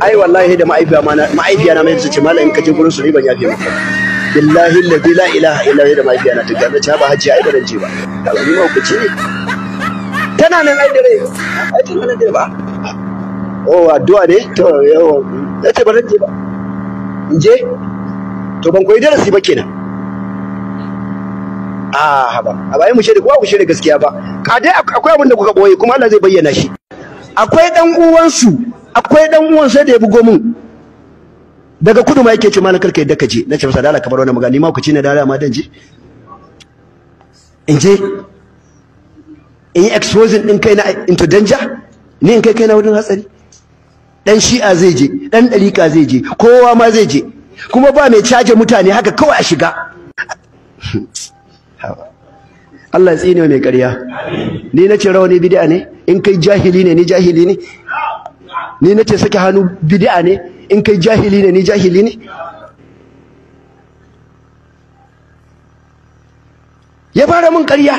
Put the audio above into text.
ai wallahi da ma'aibiya na mai ce malam in ka je gurin su ni ban yafe maka billahi alladhi la ilaha illa huwa da ma'aibiya na ta ga ta ba hajji ai ban je ba kaga ni ma ku ce tana nan ai dare ai tana nan dare ba oh addu'a ne to yawa nace ba zan je ba in je to ban koyi darasi ba kenan a ah, haba a bayan mu shaida kowa ku shaida gaskiya ba ka dai akwai abin da kuka boye kuma Allah zai bayyana shi akwai dan uwansu akwai dan uwansa da ya bugo mun daga kudu ma yake ce malam karka yadda ka je na ce masa dala ka bar wannan magana ni ma ku ci na dala ma dan je in je in yi exposing din kai na into danger ni in kai kai na wurin hatsari dan shi'a zai je dan dalika zai je kowa ma zai je kuma ba mai caje mutane haka kawai a shiga Allah ya tsine mai ƙarya ni nace rawani bid'a ne in kai jahili ne ni jahili ne ni nace sake hannu bid'a ne in kai jahili ne ni jahili ne ya fara mun ƙarya